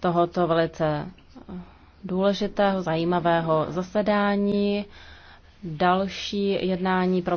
tohoto velice důležitého, zajímavého zasedání. Další jednání pro